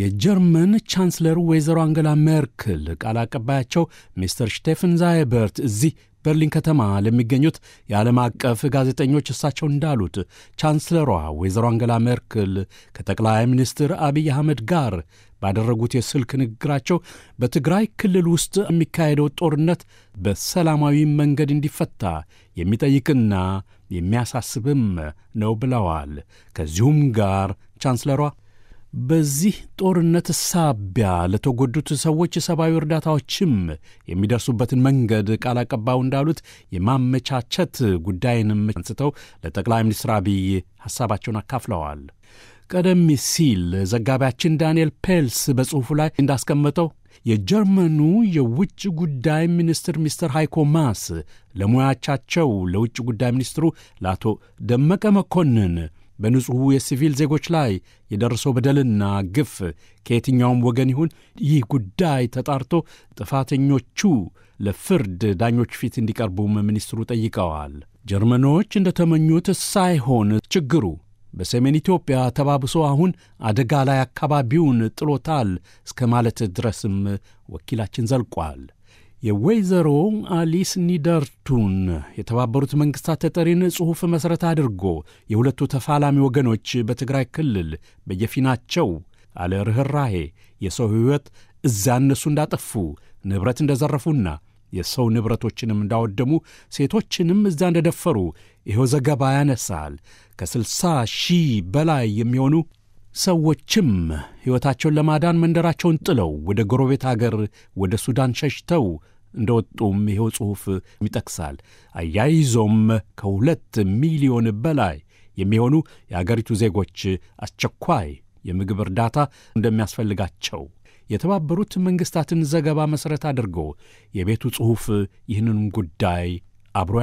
የጀርመን ቻንስለር ወይዘሮ አንገላ ሜርክል ቃል አቀባያቸው ሚስተር ሽቴፍን ዛይበርት እዚህ በርሊን ከተማ ለሚገኙት የዓለም አቀፍ ጋዜጠኞች እሳቸው እንዳሉት ቻንስለሯ ወይዘሮ አንገላ ሜርክል ከጠቅላይ ሚኒስትር አብይ አህመድ ጋር ባደረጉት የስልክ ንግግራቸው በትግራይ ክልል ውስጥ የሚካሄደው ጦርነት በሰላማዊ መንገድ እንዲፈታ የሚጠይቅና የሚያሳስብም ነው ብለዋል። ከዚሁም ጋር ቻንስለሯ በዚህ ጦርነት ሳቢያ ለተጎዱት ሰዎች ሰብአዊ እርዳታዎችም የሚደርሱበትን መንገድ ቃል አቀባዩ እንዳሉት የማመቻቸት ጉዳይንም አንስተው ለጠቅላይ ሚኒስትር አብይ ሐሳባቸውን አካፍለዋል። ቀደም ሲል ዘጋቢያችን ዳንኤል ፔልስ በጽሑፉ ላይ እንዳስቀመጠው የጀርመኑ የውጭ ጉዳይ ሚኒስትር ሚስተር ሃይኮ ማስ ለሙያቻቸው ለውጭ ጉዳይ ሚኒስትሩ ለአቶ ደመቀ መኮንን በንጹሑ የሲቪል ዜጎች ላይ የደረሰው በደልና ግፍ ከየትኛውም ወገን ይሁን ይህ ጉዳይ ተጣርቶ ጥፋተኞቹ ለፍርድ ዳኞች ፊት እንዲቀርቡም ሚኒስትሩ ጠይቀዋል። ጀርመኖች እንደተመኙት ሳይሆን ችግሩ በሰሜን ኢትዮጵያ ተባብሶ አሁን አደጋ ላይ አካባቢውን ጥሎታል እስከ ማለት ድረስም ወኪላችን ዘልቋል። የወይዘሮ አሊስ ኒደርቱን የተባበሩት መንግሥታት ተጠሪን ጽሑፍ መሠረት አድርጎ የሁለቱ ተፋላሚ ወገኖች በትግራይ ክልል በየፊናቸው አለ ርኅራሄ የሰው ሕይወት እዛ እነሱ እንዳጠፉ ንብረት እንደዘረፉና የሰው ንብረቶችንም እንዳወደሙ ሴቶችንም እዛ እንደደፈሩ ይኸው ዘገባ ያነሳል። ከስልሳ ሺህ በላይ የሚሆኑ ሰዎችም ሕይወታቸውን ለማዳን መንደራቸውን ጥለው ወደ ጎረቤት አገር ወደ ሱዳን ሸሽተው እንደወጡም ይኸው ጽሑፍ ይጠቅሳል። አያይዞም ከሁለት ሚሊዮን በላይ የሚሆኑ የአገሪቱ ዜጎች አስቸኳይ የምግብ እርዳታ እንደሚያስፈልጋቸው የተባበሩት መንግሥታትን ዘገባ መሠረት አድርጎ የቤቱ ጽሑፍ ይህንን ጉዳይ Abro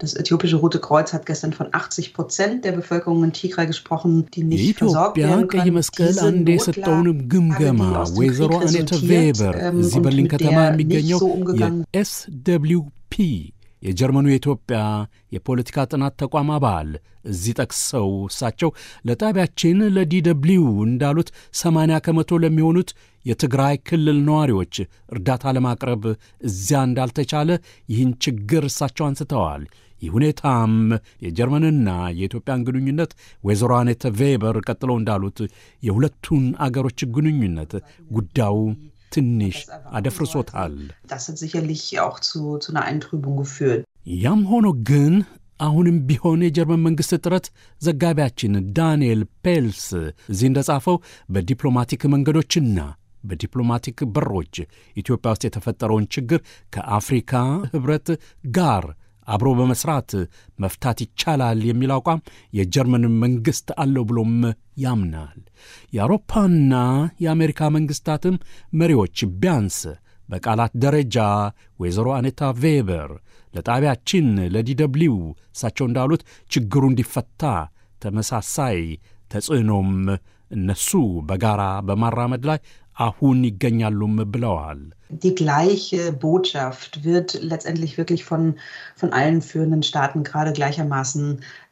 Das äthiopische Rote Kreuz hat gestern von 80 Prozent der Bevölkerung in Tigray gesprochen, die nicht versorgt werden können. Diese Notlage, die aus dem Krieg resultiert ähm, und mit der nicht so umgegangen SWP የጀርመኑ የኢትዮጵያ የፖለቲካ ጥናት ተቋም አባል እዚህ ጠቅሰው እሳቸው ለጣቢያችን ለዲ እንዳሉት ሰማንያ ከመቶ ለሚሆኑት የትግራይ ክልል ነዋሪዎች እርዳታ ለማቅረብ እዚያ እንዳልተቻለ ይህን ችግር እሳቸው አንስተዋል። ይህ ሁኔታም የጀርመንና የኢትዮጵያን ግንኙነት ወይዘሮ አኔተ ቬበር ቀጥለው እንዳሉት የሁለቱን አገሮች ግንኙነት ጉዳዩ ትንሽ አደፍርሶታል። ያም ሆኖ ግን አሁንም ቢሆን የጀርመን መንግሥት ጥረት ዘጋቢያችን ዳንኤል ፔልስ እዚህ ጻፈው በዲፕሎማቲክ መንገዶችና በዲፕሎማቲክ በሮች ኢትዮጵያ ውስጥ የተፈጠረውን ችግር ከአፍሪካ ኅብረት ጋር አብሮ በመስራት መፍታት ይቻላል የሚል አቋም የጀርመን መንግሥት አለው ብሎም ያምናል። የአውሮፓና የአሜሪካ መንግሥታትም መሪዎች ቢያንስ በቃላት ደረጃ ወይዘሮ አኔታ ቬበር ለጣቢያችን ለዲደብሊው እሳቸው እንዳሉት ችግሩ እንዲፈታ ተመሳሳይ ተጽዕኖም እነሱ በጋራ በማራመድ ላይ አሁን ይገኛሉም ብለዋል። Die gleiche Botschaft wird letztendlich wirklich von, von allen führenden Staaten gerade gleichermaßen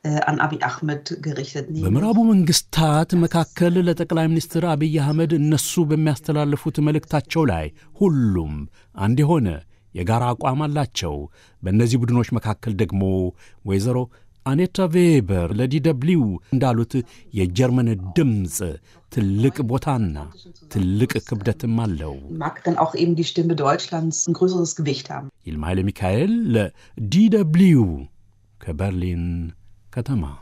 äh, an Abiy Ahmed gerichtet. በምዕራቡ መንግስታት መካከል ለጠቅላይ ሚኒስትር አብይ አህመድ እነሱ በሚያስተላልፉት መልእክታቸው ላይ ሁሉም አንድ የሆነ የጋራ አቋም አላቸው። በእነዚህ ቡድኖች መካከል ደግሞ ወይዘሮ አኔታ ቬበር ለዲደብሊው እንዳሉት የጀርመን ድምፅ ትልቅ ቦታና ትልቅ ክብደትም አለው። ይልማ ኃይለ ሚካኤል ለዲደብሊው ከበርሊን ከተማ